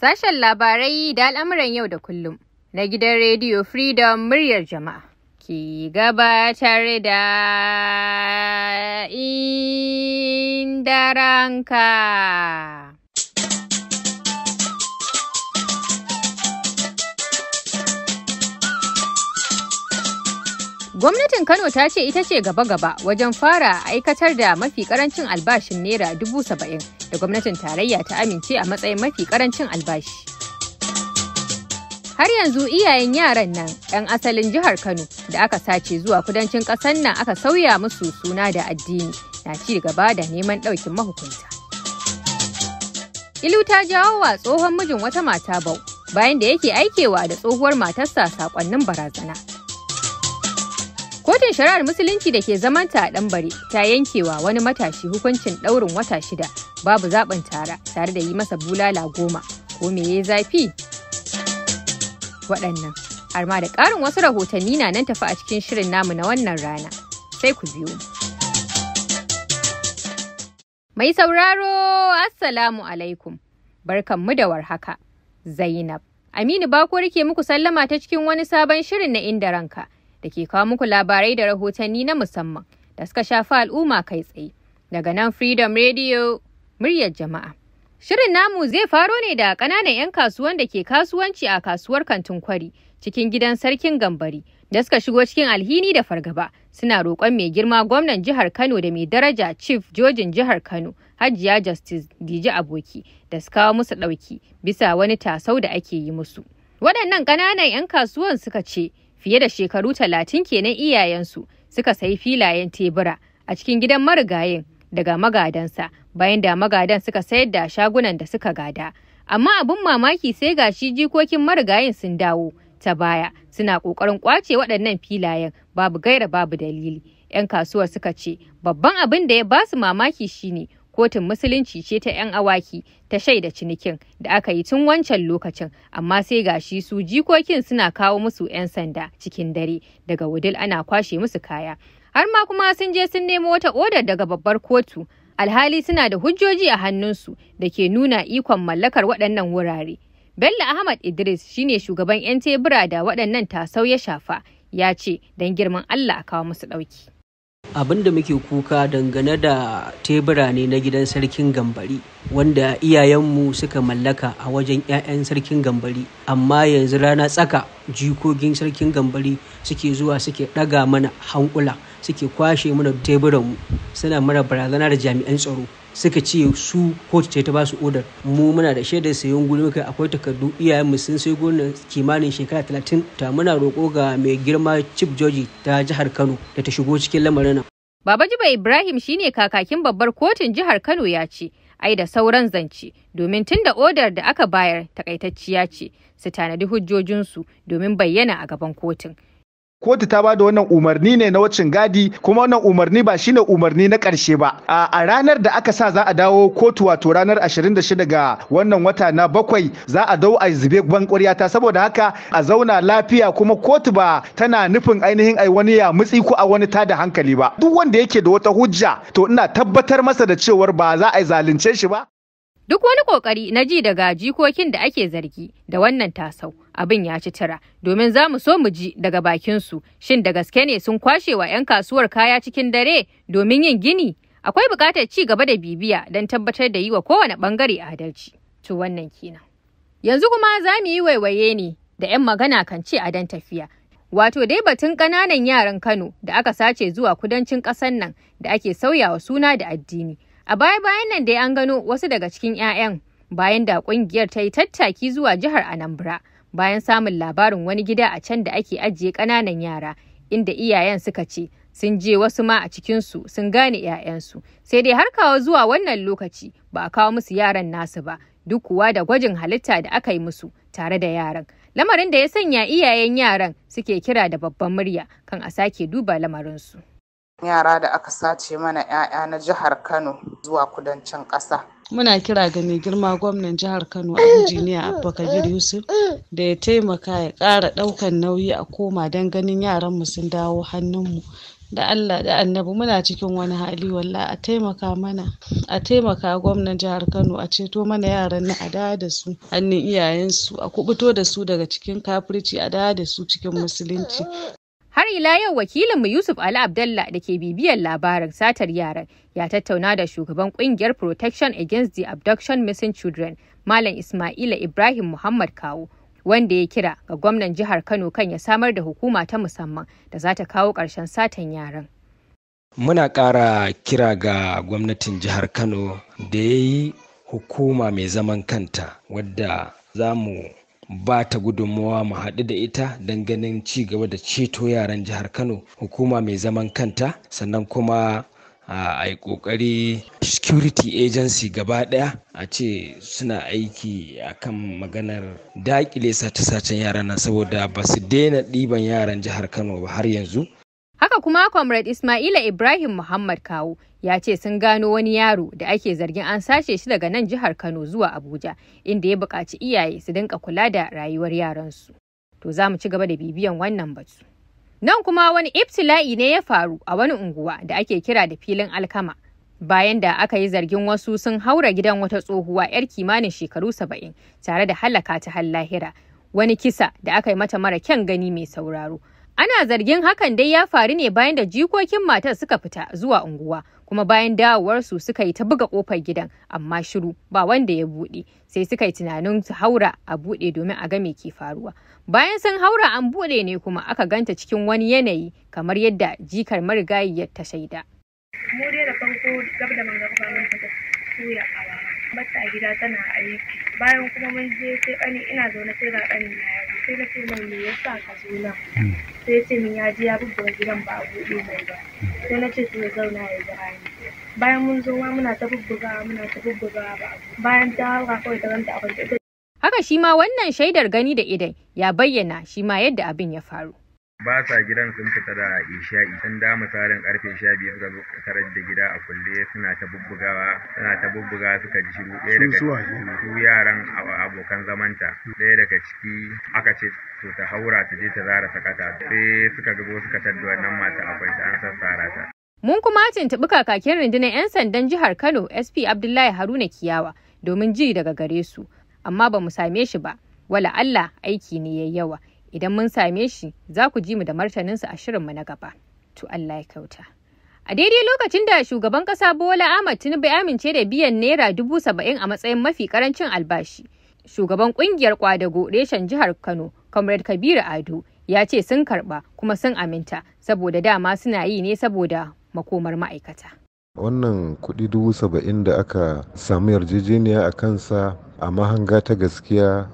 Sashen labarai da al'amuran yau da kullum na gidan Rediyo Freedom muryar jama'a ki gabatar da inda Gwamnatin Kano ta ce ita ce gaba-gaba wajen fara aikatar da mafi karancin albashin Naira dubu saba'in da gwamnatin tarayya ta amince a matsayin mafi karancin albashi. Har yanzu iyayen yaran nan 'yan asalin jihar Kano da aka sace zuwa kudancin ƙasar nan aka sauya musu suna da addini na ci gaba da neman ɗaukin mahukunta. Ilu ta jawo wa tsohon mijin wata mata bau bayan da yake aikewa da tsohuwar matarsa saƙonnin barazana. Kotun shari'ar Musulunci da ke zamanta a ɗanbare ta yankewa wani matashi hukuncin ɗaurin wata shida babu zaɓin tara tare da yi masa bulala goma ko me ya zafi waɗannan. Har da ƙarin wasu rahotanni na nan tafi a cikin shirin namu na wannan rana. Sai ku biyo Mai sauraro, Assalamu alaikum. Barkanmu da warhaka. Zainab. Aminu Bako ke muku sallama ta cikin wani sabon shirin na inda ranka. da ke kawo muku labarai da rahotanni na musamman da suka shafi al'umma kai tsaye. Daga nan Freedom Radio, muryar jama'a. Shirin namu zai faro ne da ƙananan 'yan kasuwan da ke kasuwanci a kasuwar kantin kwari cikin gidan sarkin gambari da suka shigo cikin alhini da fargaba suna roƙon mai girma gwamnan jihar Kano da mai daraja chief jojin jihar Kano Hajiya Justice Dije Aboki da su kawo musu ɗauki bisa wani tasau da ake yi musu. Waɗannan ƙananan 'yan kasuwan suka ce fiye da shekaru talatin kenan iyayensu suka sayi filayen tebura a cikin gidan marigayen daga magadansa bayan da magadan suka sayar da shagunan da suka gada amma abin mamaki sai gashi jikokin marigayin sun dawo ta baya suna ƙoƙarin ƙwace waɗannan filayen babu gaira babu dalili 'yan kasuwar suka ce babban abin da ya basu mamaki shine kotun musulunci ce ta 'yan awaki ta shaida cinikin da aka yi tun wancan lokacin amma sai gashi su jikokin suna kawo musu 'yan sanda cikin dare daga wudil ana kwashe musu kaya har ma kuma sun je sun nemo wata odar daga babbar kotu alhali suna da hujjoji a hannunsu da ke nuna ikon mallakar waɗannan wurare bello ahmad idris shine shugaban 'yan tebura da waɗannan tasau ya shafa ya ce don girman allah a kawo musu ɗauki abin da muke kuka dangane da tebura ne na gidan sarkin gambari wanda iyayenmu suka mallaka a wajen 'ya'yan sarkin gambari amma yanzu rana tsaka jikogin sarkin gambari suke zuwa suke ɗaga mana hankula suke kwashe mana teburanmu suna mana barazanar jami'an tsaro suka ce su kotu ce ta basu odar mu muna da shaidar sayan guri muka akwai takardu iyayenmu sun sai gona kimanin shekara talatin ta muna roƙo ga mai girma chief joji ta jihar kano da ta shigo cikin lamarin nan. babajiba ibrahim shine kakakin babbar kotun jihar kano ya ce ai da sauran zance domin tun da odar da aka bayar takaitacciya ce su tanadi hujjojinsu domin bayyana a gaban kotun kotu ta bada wannan umarni ne na wucin gadi kuma wannan umarni ba shine umarni na karshe ba a ranar da aka sa za a dawo kotu wato ranar 26 ga wannan wata na bakwai za a dau a zube ban ta saboda haka a zauna lafiya kuma kotu ba tana nufin ainihin ai wani ya mutsi ko a wani ta da hankali ba duk wanda yake da wata hujja to ina tabbatar masa da cewar ba za a zalunce shi ba Duk wani ƙoƙari na ji daga jikokin da ake zargi da wannan tasau abin ya ci tira domin za mu so mu ji daga bakinsu shin da gaske ne sun kwashe wa 'yan kasuwar kaya cikin dare domin yin gini akwai buƙatar ci gaba da bibiya don tabbatar da yi wa kowane ɓangare adalci. To wannan kenan. Yanzu kuma za mu yi waiwaye ne da 'yan magana kan ce a dan tafiya wato dai batun ƙananan yaran Kano da aka sace zuwa kudancin ƙasar nan da ake sauyawa suna da addini A baya-bayan nan dai an gano wasu daga cikin 'ya'yan bayan da kungiyar ta yi tattaki zuwa jihar Anambra bayan samun labarin wani gida a can da ake ajiye ƙananan yara inda iyayen suka ce sun je wasu ma a cikinsu sun gane 'ya'yansu sai dai har kawo zuwa wannan lokaci ba a kawo musu yaran nasu ba duk kuwa da gwajin halitta da aka yi musu tare da yaran lamarin da ya sanya iyayen yaran suke kira da babban murya kan a sake duba lamarinsu. yara da aka sace mana 'ya'ya na jihar Kano zuwa kudancin ƙasa. Muna kira ga mai girma gwamnan jihar Kano a injiniya Abubakar Yusuf da ya taimaka ya ƙara ɗaukan nauyi a koma don ganin yaran mu sun dawo hannunmu. Da Allah da annabi muna cikin wani hali walla a taimaka mana a taimaka gwamnan jihar Kano a ceto mana yaran na a da su hannun iyayensu a kubuto da su daga cikin kafirci a da su cikin musulunci Har ila yau wakilinmu Yusuf Ali Abdallah da ke bibiyar labarin satar yaran ya tattauna da shugaban kungiyar Protection Against the Abduction Missing Children, Malam Ismaila Ibrahim Muhammad Kawo, wanda ya kira ga gwamnan jihar Kano kan ya samar da hukuma ta musamman da za ta kawo ƙarshen satan yaran. Muna ƙara kira ga gwamnatin jihar Kano da ya yi hukuma mai zaman kanta wadda za mu ba ta gudunmawa mu haɗu da ita don ganin ci gaba da ceto yaran jihar kano hukuma mai zaman kanta sannan kuma a yi kokari security agency gaba ɗaya a ce suna aiki a kan maganar daƙile sace-sacen yaran nan saboda ba su daina ɗiban yaran jihar kano ba har yanzu Haka kuma Comrade Ismaila Ibrahim Muhammad kawu ya ce sun gano wani yaro da ake zargin an sace shi daga nan jihar Kano zuwa Abuja inda ya buƙaci iyaye su dinka kula da rayuwar yaransu. To za mu ci gaba da bibiyan wannan batu. Nan kuma wani ibtila'i ne ya faru a wani unguwa da ake kira da filin alkama. Bayan da aka yi zargin wasu sun haura gidan wata tsohuwa 'yar kimanin shekaru saba'in tare da halaka ta har Wani kisa da aka yi mata mara kyan gani mai sauraro. Ana zargin hakan dai ya faru ne bayan da jikokin matar suka fita zuwa unguwa kuma bayan dawowarsu suka yi ta buga kofar gidan amma shiru ba wanda ya buɗe sai suka yi tunanin su haura a buɗe domin a ga me ke faruwa. Bayan sun haura an buɗe ne kuma aka ganta cikin wani yanayi kamar yadda jikar marigayiyar ta shaida. Mu dai farko mun suya a bata gida tana aiki bayan kuma mun je sai ina zaune sai ga ɗani na sai na ce mai me yasa ka zo nan sai ya ce min ya ji ya bubbuga gidan ba a buɗe mai ba sai na ce to ya zauna ya jira ni bayan mun zo ma muna ta bubbuga muna ta bubbuga ba bayan ta haura kawai ta ranta a kwance Haka shi ma wannan shaidar gani da idan ya bayyana shi ma yadda abin ya faru. ba sa gidan sun fita da isha'i sun da misalin karfe sha biyu suka zo karar da gida a kulle suna ta bubbugawa suna ta bubbuga suka ji shiru ɗaya daga su yaran abokan zamanta ɗaya daga ciki aka ce to ta haura ta je ta zara sakata sai suka gabo suka tadda wannan mata akwai ta an sassara ta. Mun kuma tuntuɓi kakakin rundunar 'yan sandan jihar Kano SP Abdullahi Haruna Kiyawa domin ji daga gare su, amma ba mu same shi ba, wala Allah aiki ne ya yawa. Idan mun same shi, za ku ji mu da martaninsu a shirin mu na gaba. To Allah ya kyauta. A daidai lokacin da shugaban kasa Bola Ahmad Tinubu ya amince da biyan naira dubu saba'in a matsayin mafi karancin albashi. Shugaban kungiyar kwadago reshen jihar Kano, Comrade Kabiru Ado, ya ce sun karba kuma sun aminta saboda dama suna yi ne saboda makomar ma'aikata. wannan kudi dubu saba'in da aka samu yarjejeniya a kansa a mahanga ta gaskiya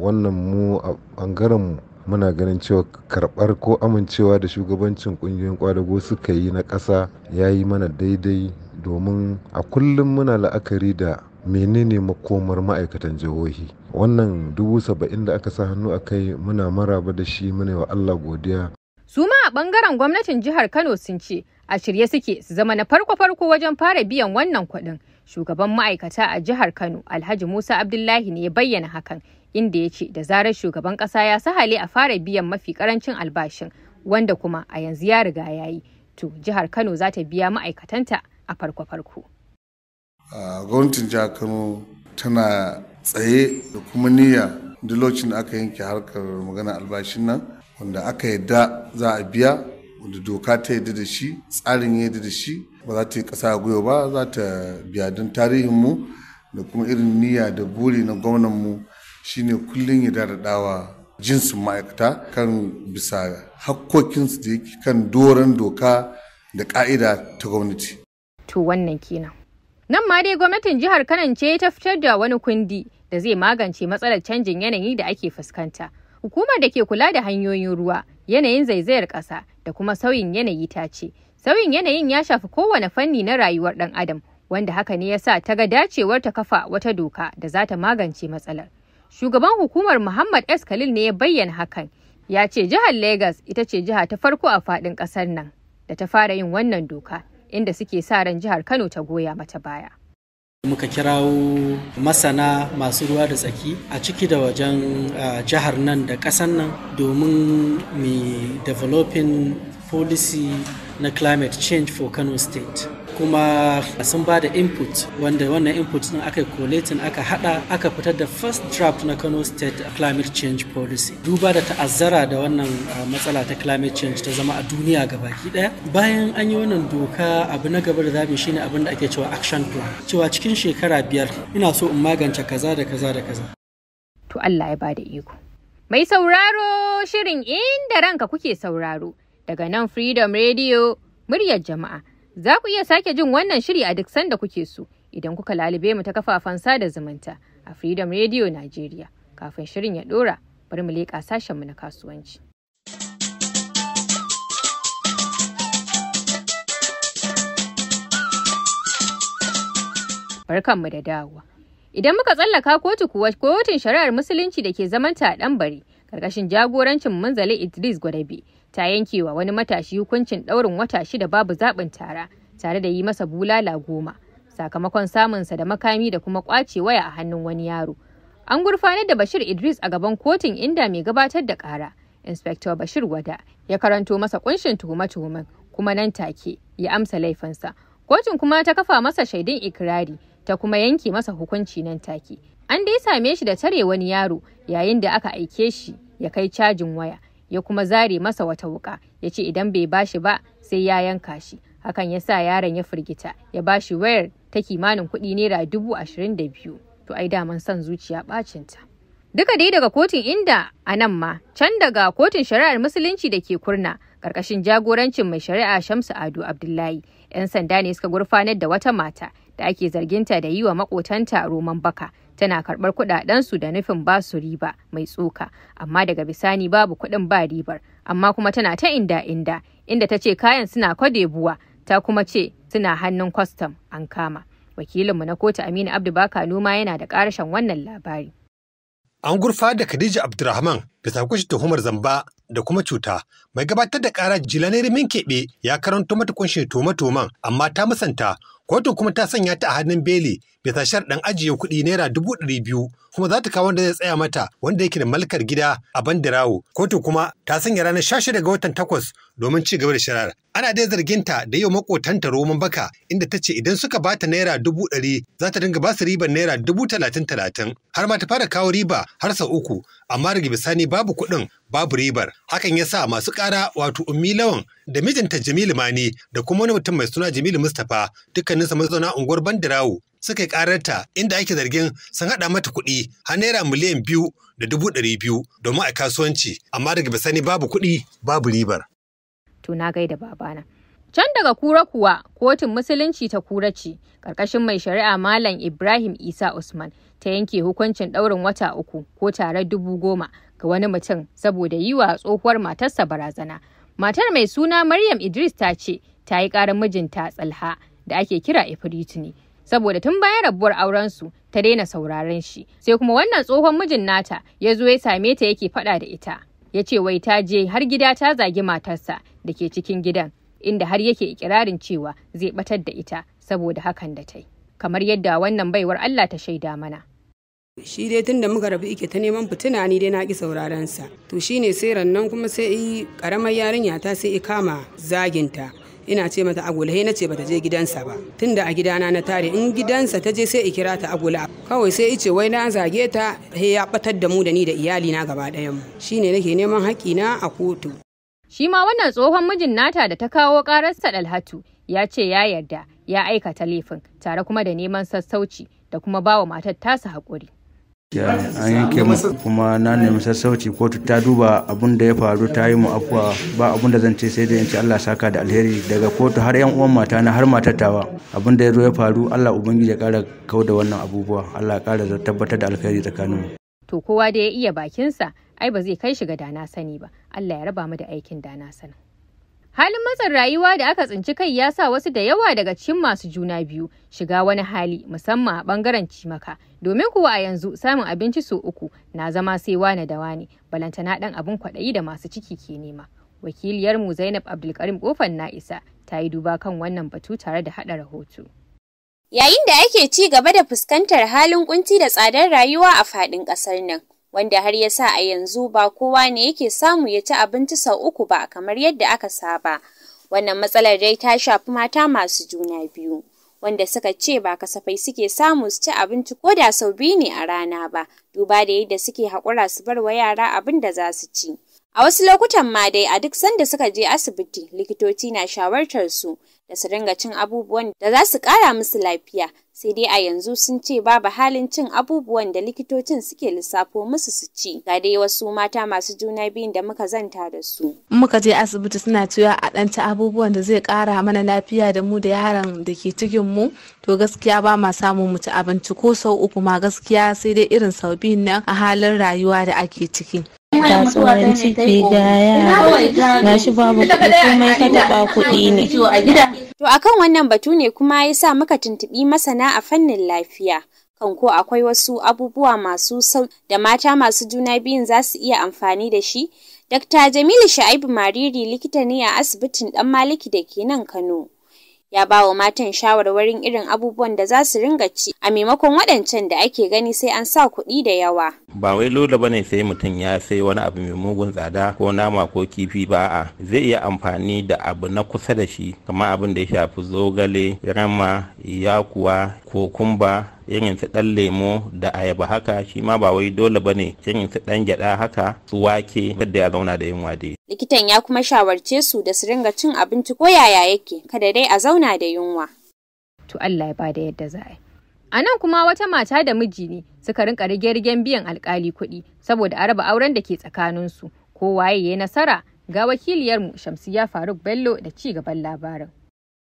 wannan mu a bangaren mu. muna ganin cewa karɓar ko amincewa da shugabancin ƙungiyoyin kwadago suka yi na ƙasa ya yi mana daidai domin a kullum muna la'akari da menene makomar ma'aikatan jihohi wannan dubu saba'in da aka sa hannu a kai muna maraba da shi muna wa allah godiya su ma a bangaren gwamnatin jihar kano sun ce a shirye suke su zama na farko-farko wajen fara biyan wannan kuɗin shugaban ma'aikata a jihar kano alhaji musa abdullahi ne ya bayyana hakan inda ya ce da zarar shugaban kasa ya sahale a fara biyan mafi karancin albashin wanda kuma a yanzu ya riga ya yi to jihar kano za ta biya ma'aikatanta a farko-farko. gwamnatin jihar kano tana tsaye da kuma niyya duk lokacin da aka yanke harkar magana albashin nan wanda aka yadda za a biya wanda doka ta yadda da shi tsarin ya yadda da shi ba za ta yi ƙasa gwiwa ba za ta biya don tarihinmu da kuma irin niyya da buri na gwamnan mu. shine kullum ya daɗaɗawa jinsin ma'aikata kan bisa hakkokinsu da yake kan doron doka da ƙa'ida ta gwamnati. To wannan kenan. Nan ma dai gwamnatin jihar Kanan ce ta fitar da wani kundi da zai magance matsalar canjin yanayi da ake fuskanta. Hukumar da ke kula da hanyoyin ruwa, yanayin zaizayar ƙasa da kuma sauyin yanayi ta ce, sauyin yanayin ya shafi kowane fanni na rayuwar ɗan adam, wanda haka ne ya sa ta ga dacewar ta kafa wata doka da za ta magance matsalar. Shugaban hukumar Muhammad S. Khalil ne ya bayyana hakan. Ya ce jihar Legas ita ce jiha ta farko a faɗin ƙasar nan da ta fara yin wannan doka inda suke sa ran jihar Kano ta goya mata baya. muka kirawo masana masu ruwa da tsaki a ciki da wajen ah, jihar nan da ƙasar nan domin mai developing policy na climate change for Kano State. kuma sun ba da input wanda wannan input din aka collating aka hada aka fitar da first draft na Kano State climate change policy duba da ta'azzara da wannan ah, matsala ta climate change ta zama a duniya gabaki daya bayan an yi wannan doka abu na gaba da zabi shine abin da ake cewa action plan cewa cikin shekara biyar ina so in magance kaza da kaza da kaza to Allah ya bada iko mai sauraro shirin inda ranka kuke sauraro daga nan Freedom Radio muryar jama'a. Za ku iya sake jin wannan shiri a duk sanda kuke so idan kuka lalube mu ta kafafen sada zumunta a Freedom Radio nigeria Kafin shirin ya ɗora, bari mu leƙa sashenmu na kasuwanci. Barkanmu da dawowa. Idan muka tsallaka kotu kuwa kotun shari'ar musulunci da ke zamanta a ɗan bari, ƙarƙashin jagorancin munzali Idris Gwadabe ta yanke wa wani matashi hukuncin ɗaurin wata shida babu zaɓin tara tare da yi masa bulala goma sakamakon samunsa da makami da kuma ƙwace waya a hannun wani yaro. An gurfanar da Bashir Idris a gaban kotun inda mai gabatar da ƙara, Inspector Bashir Wada, ya karanto masa ƙunshin tuhume-tuhumen kuma nan take ya amsa laifinsa. Kotun kuma ta kafa masa shaidun ikirari ta kuma yanke masa hukunci nan take. An dai same shi da tare wani yaro yayin da aka aike shi ya kai cajin waya. ya kuma zare masa wata wuka ya ce idan bai ba shi ba sai ya yanka shi hakan ya sa yaron ya firgita ya bashi wayar ta kimanin kuɗi naira dubu ashirin da biyu to ai daman son zuciya bacinta duka dai daga kotun inda a nan ma can daga kotun shari'ar musulunci da ke kurna ƙarƙashin jagorancin mai shari'a Shamsu Ado Abdullahi. 'Yan sanda ne suka gurfanar da wata mata da ake zarginta da yi wa makotanta roman baka tana karɓar kuɗaɗensu da nufin ba su riba mai tsoka amma daga bisani babu kuɗin ba ribar amma kuma tana ta inda inda inda ta ce kayan suna kwadebuwa ta kuma ce suna hannun kwastam an kama wakilinmu na kotu aminu abdubaka noma yana da ƙarashen wannan labari an gurfa da khadija abdurrahman bisa kushe tuhumar zamba da kuma cuta mai gabatar da kara jilanirin min keɓe ya karanto mata kunshin tuhuma amma ta musanta kotun kuma ta sanya ta a hannun beli shar ɗan ajiye kuɗi naira dubu ɗari biyu kuma za ta kawo wanda zai tsaya mata wanda yake da malkar gida a bandirawo kotu kuma ta sanya ranar sha shida ga watan takwas domin ci gaba da shirar ana dai ta da yau makotanta roman baka inda ta ce idan suka bata naira dubu ɗari za ta dinga basu ribar naira dubu talatin talatin har ma ta fara kawo riba har sau uku amma daga bisani babu kuɗin babu ribar hakan ya sa masu ƙara wato ummi lawan da mijinta jamilu mani da kuma wani mutum mai suna jamilu mustapha dukkaninsa mazauna unguwar bandirawo suka yi karanta inda ake zargin sun haɗa mata kuɗi har naira miliyan biyu da dubu ɗari biyu domin a kasuwanci amma daga bisani babu kuɗi babu ribar. To na gaida babana. Can daga kura kuwa kotun musulunci ta kura ce ƙarƙashin mai shari'a Malam Ibrahim Isa Usman ta yanke hukuncin ɗaurin wata uku ko tare dubu goma ga wani mutum saboda yi wa tsohuwar matarsa barazana. Matar mai suna Maryam Idris ta ce ta yi ƙarar mijinta Tsalha da ake kira Ifritu ne saboda tun bayan rabuwar aurensu ta daina sauraron shi sai kuma wannan tsohon mijin nata ya zo ya same ta yake faɗa da ita ya ce wai ta je har gida ta zagi matarsa da ke cikin gidan inda har yake ikirarin cewa zai batar da ita saboda hakan da ta yi kamar yadda wannan baiwar Allah ta shaida mana. shi dai tun da muka rabu ike ta neman fitina ni dai na ki sauraron sa to shine sai rannan kuma sai yi karamar yarinya ta sai i kama zaginta ina ce mata agula he ce bata je gidansa ba tunda a gidana na tare in gidansa ta je sai i kira ta agula kawai sai ice wai na zage ta he ya batar da mu da ni da iyali na gaba ɗayan shine nake neman na a kotu shi ma wannan tsohon mijin nata da ta kawo ƙararsa dalhatu ya ce ya yarda ya aikata laifin tare kuma da neman sassauci da kuma bawa matar tasa haƙuri an yanke mu kuma na nemi sassauci kotu ta duba abun da ya faru ta yi mu afuwa ba abun da zan ce sai da in ce Allah saka da alheri daga kotu har yan uwan mata na har matatawa abun da ya zo ya faru Allah ubangiji ya kara kau da wannan abubuwa Allah ya kara tabbatar da alheri tsakaninmu to kowa da ya iya bakinsa ai ba zai kai shi ga dana sani ba Allah ya raba mu da aikin dana sani Halin matsin rayuwa da aka tsinci kai ya sa wasu da yawa daga cikin masu juna biyu shiga wani hali musamman a bangaren cimaka. Domin kuwa a yanzu samun abinci sau uku na zama sai wane da wane balantana ɗan abin kwaɗayi da masu ciki ke nema. Wakiliyarmu Zainab Abdulkarim Kofan na isa ta yi duba kan wannan batu tare da haɗa rahoto. Yayin da ake ci gaba da fuskantar halin kunci da tsadar rayuwa a faɗin ƙasar nan, wanda har ya sa a yanzu ba kowa ne yake samu ya ci abinci sau uku ba kamar yadda aka saba. Wannan matsalar dai ta shafi mata masu juna biyu, wanda suka ce ba kasafai suke samu su ci abinci ko da sau biyu ne a rana ba, duba da yadda suke haƙura su bar wa yara abin da za su ci. A wasu lokutan ma dai a duk sanda suka je asibiti likitoci na shawartar su da su ringa cin abubuwan da za su ƙara musu lafiya sai dai a yanzu sun ce babu halin cin abubuwan da likitocin suke lissafo musu su ci ga dai wasu mata masu juna biyun da muka zanta da su muka je asibiti suna cewa a ɗan ci abubuwan da zai ƙara mana lafiya da mu da yaran da ke cikin mu to gaskiya ba ma samun mu ci abinci ko sau uku ma gaskiya sai dai irin sau biyun nan a halin rayuwa da ake ciki kasuwanci ke na shi babu kuɗi kuma ka taɓa kuɗi ne. To akan wannan batu ne kuma ya sa muka tuntuɓi masana a fannin lafiya. kan ko akwai wasu abubuwa masu sau da mata masu juna biyun za su iya amfani da shi Dr. Jamilu Sha'ibu Mariri likita ne a asibitin ɗan Maliki da ke nan Kano. ya ba wa matan shawarwarin irin abubuwan da za su ringa ci a maimakon waɗancan da ake gani sai an sa kuɗi da yawa. Ba wai lola ba ne sai mutum ya sai wani abu mai mugun tsada ko nama ko kifi ba a zai iya amfani da abu na kusa da shi kamar abin da ya shafi zogale, rama, yakuwa, kokumba, irin su dan lemo da ayaba haka shi ma ba wai dole bane irin su dan gyada haka su wake kada ya zauna da yunwa dai likitan ya kuma shawarce su da su ringa cin abinci ko yaya yake kada dai a zauna da yunwa to Allah ya bada yadda za a A nan kuma wata mata da miji ne suka rinka rige-rigen biyan alkali kuɗi saboda a raba auren da ke tsakanin tsakaninsu. waye ya nasara ga wakiliyarmu Shamsiyya Faruk Bello da ci gaban labarin.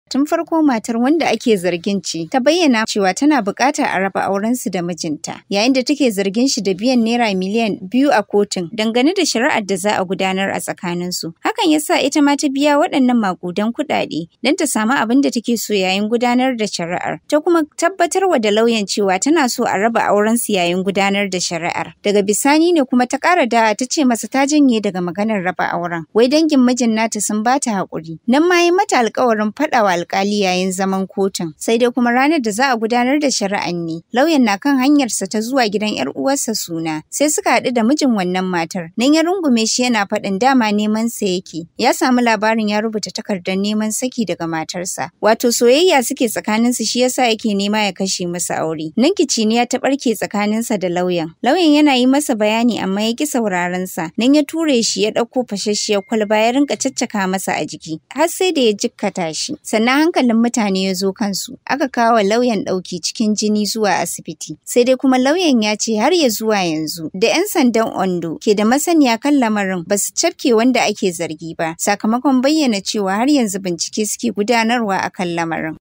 Tun farko matar wanda ake zargin ce ta bayyana cewa tana buƙatar a raba aurensu da mijinta, yayin da take zargin shi da biyan naira miliyan biyu a kotun dangane da shari'ar da za a gudanar a tsakanin su. Hakan ya sa ita ma ta biya waɗannan maƙudan kuɗaɗe don ta samu abin da take so yayin gudanar da shari'ar. Ta kuma tabbatar wa da lauyan cewa tana so a raba aurensu yayin gudanar da shari'ar. Daga bisani ne kuma ta ƙara da ta ce masa ta janye daga maganar raba auren. Wai dangin mijin nata sun bata ta haƙuri. Nan ma yi mata alƙawarin faɗawa alkali yayin zaman kotun. Sai dai kuma ranar da za a gudanar da shari'an ne. Lauyan na kan hanyarsa ta zuwa gidan 'yar uwarsa suna. Sai suka haɗu da mijin wannan matar. Nan ya rungume shi yana faɗin dama neman sa yake. Ya samu labarin ya rubuta takardar neman saki daga matarsa. Wato soyayya suke tsakaninsu shi yasa yake nema ya kashe masa aure. Nan kiciniya ta ɓarke tsakaninsa da lauyan. Lauyan yana yi masa bayani amma ya ƙi sauraron sa. Nan ya ture shi ya ɗauko fashasshiyar kwalba ya rinka caccaka masa a jiki. Har sai da ya jikkata shi. Sannan na hankalin mutane ya zo kansu, aka kawo lauyan ɗauki cikin jini zuwa asibiti. Sai dai kuma lauyan ya ce har ya zuwa yanzu, da 'yan sandan Ondo ke da masaniya kan lamarin ba su cafke wanda ake zargi ba, sakamakon bayyana cewa har yanzu bincike suke gudanarwa a kan lamarin.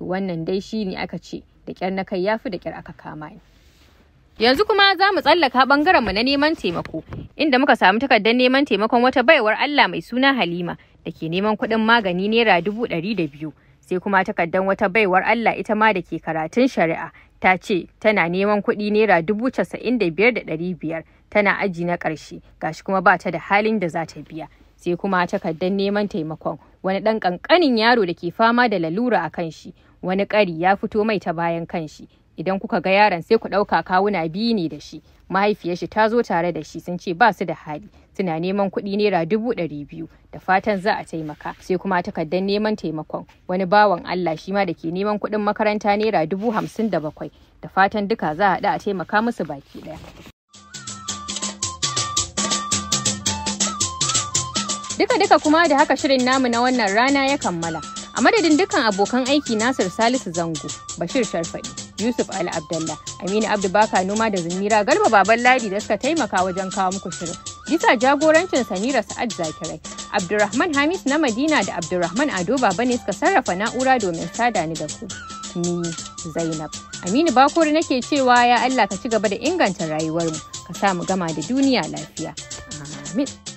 To wannan dai shi ne aka ce, da kyar na kai ya fi da kyar aka kama ni. Yanzu kuma za mu tsallaka mu na neman taimako, inda muka samu takardar neman taimakon wata baiwar Allah mai suna Halima. da ke neman kuɗin magani naira dubu ɗari da biyu sai kuma takardar wata baiwar Allah ita ma da ke karatun shari'a ta ce tana neman kuɗi naira dubu casa'in da biyar da ɗari biyar tana aji na ƙarshe gashi kuma ba ta da halin da za ta biya sai kuma takardar neman taimakon wani ɗan ƙanƙanin yaro da ke fama da lalura a kan shi wani ƙari ya fito mai ta bayan kan shi idan kuka ga yaron sai ku ɗauka kawuna biyu ne da shi mahaifiyar shi ta zo tare da shi sun ce ba su da hali suna neman kuɗi naira dubu ɗari biyu da fatan za a taimaka sai kuma takardar neman taimakon wani bawan Allah shi ma da ke neman kuɗin makaranta naira dubu hamsin da bakwai da fatan duka za a a taimaka musu baki ɗaya. Duka-duka kuma da haka shirin namu na wannan rana ya kammala. A madadin dukkan abokan aiki Nasir Salisu Zango, Bashir Sharfaɗi, Yusuf Ali Abdullah Aminu Abdu Baka Noma da Zumira Garba Baban Ladi da suka taimaka wajen kawo muku shirin. Bisa jagorancin Samira Sa'ad Zakirai, Abdulrahman Hamis na Madina da Abdulrahman Ado Baba ne suka sarrafa na'ura domin sada ni da ku. Ni Zainab. Aminu Bakori nake cewa ya Allah ka ci gaba da inganta rayuwarmu, ka sa mu gama da duniya lafiya. Amin.